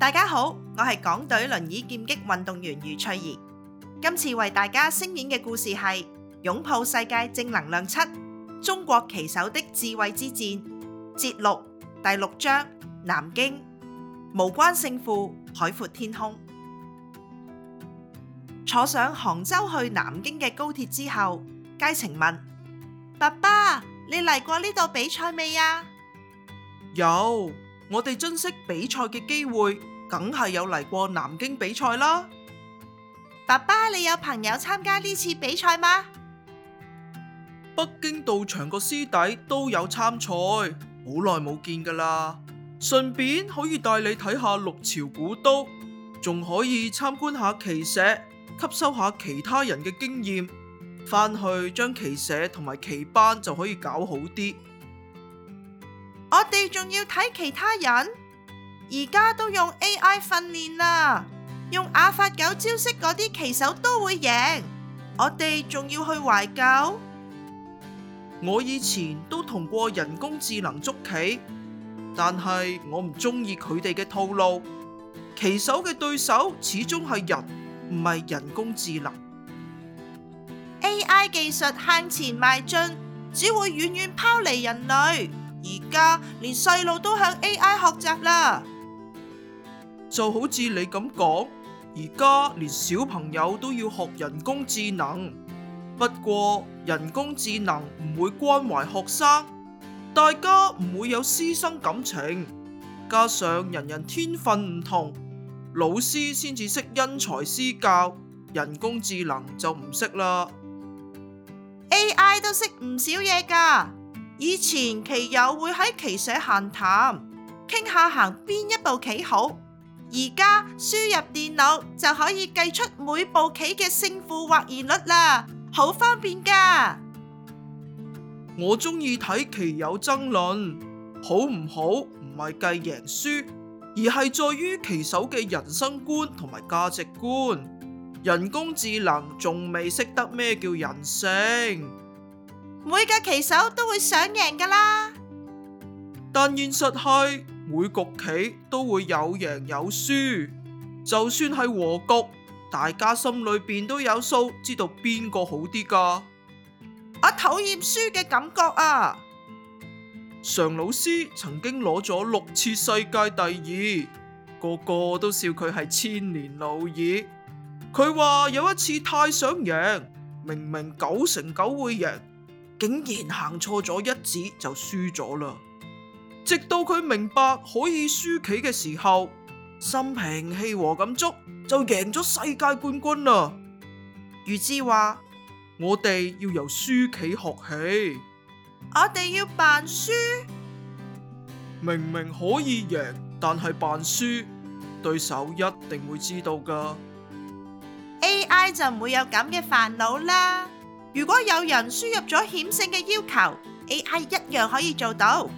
大家好，我係港隊輪椅劍擊運動員余翠怡。今次為大家聲演嘅故事係《擁抱世界正能量七中國棋手的智慧之戰》節錄第六章《南京》，無關勝負，海闊天空。坐上杭州去南京嘅高鐵之後，佳晴問爸爸：你嚟過呢度比賽未呀？有，我哋珍惜比賽嘅機會。梗係有嚟過南京比賽啦，爸爸，你有朋友參加呢次比賽嗎？北京道場個師弟都有參賽，好耐冇見噶啦。順便可以帶你睇下六朝古都，仲可以參觀下棋社，吸收下其他人嘅經驗，返去將棋社同埋棋班就可以搞好啲。我哋仲要睇其他人。而家都用 A.I. 訓練啦，用阿法狗招式嗰啲棋手都會贏。我哋仲要去懷舊？我以前都同過人工智能捉棋，但係我唔中意佢哋嘅套路。棋手嘅對手始終係人，唔係人工智能。A.I. 技術向前邁進，只會遠遠拋離人類。而家連細路都向 A.I. 學習啦。就好似你咁講，而家連小朋友都要學人工智能。不過人工智能唔會關懷學生，大家唔會有師生感情。加上人人天分唔同，老師先至識因材施教，人工智能就唔識啦。AI 都識唔少嘢㗎，以前棋友會喺棋社閒談，傾下行邊一步棋好。而家輸入電腦就可以計出每步棋嘅勝負或贏率啦，好方便噶。我中意睇棋友爭論，好唔好？唔係計贏輸，而係在於棋手嘅人生觀同埋價值觀。人工智能仲未識得咩叫人性，每個棋手都會想贏噶啦。但現實係。每局棋都會有贏有輸，就算係和局，大家心裏邊都有數，知道邊個好啲噶。我討厭輸嘅感覺啊！常老師曾經攞咗六次世界第二，個個都笑佢係千年老二。佢話有一次太想贏，明明九成九會贏，竟然行錯咗一子就輸咗啦。直到佢明白可以輸棋嘅時候，心平氣和咁捉就贏咗世界冠軍啦。余之話：我哋要由輸棋學起，我哋要扮輸，明明可以贏，但係扮輸對手一定會知道噶。A.I. 就唔會有咁嘅煩惱啦。如果有人輸入咗險勝嘅要求，A.I. 一樣可以做到。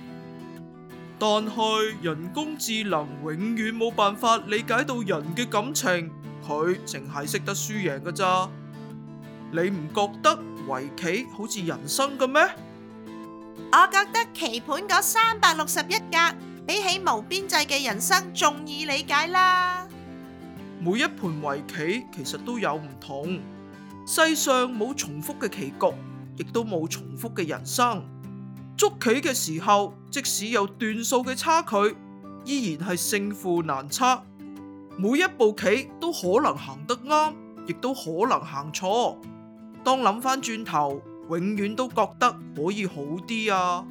但係人工智能永遠冇辦法理解到人嘅感情，佢淨係識得輸贏㗎咋。你唔覺得圍棋好似人生咁咩？我覺得棋盤嗰三百六十一格，比起無邊際嘅人生，仲易理解啦。每一盤圍棋其實都有唔同，世上冇重複嘅棋局，亦都冇重複嘅人生。捉棋嘅時候，即使有段數嘅差距，依然係勝負難測。每一步棋都可能行得啱，亦都可能行錯。當諗翻轉頭，永遠都覺得可以好啲啊！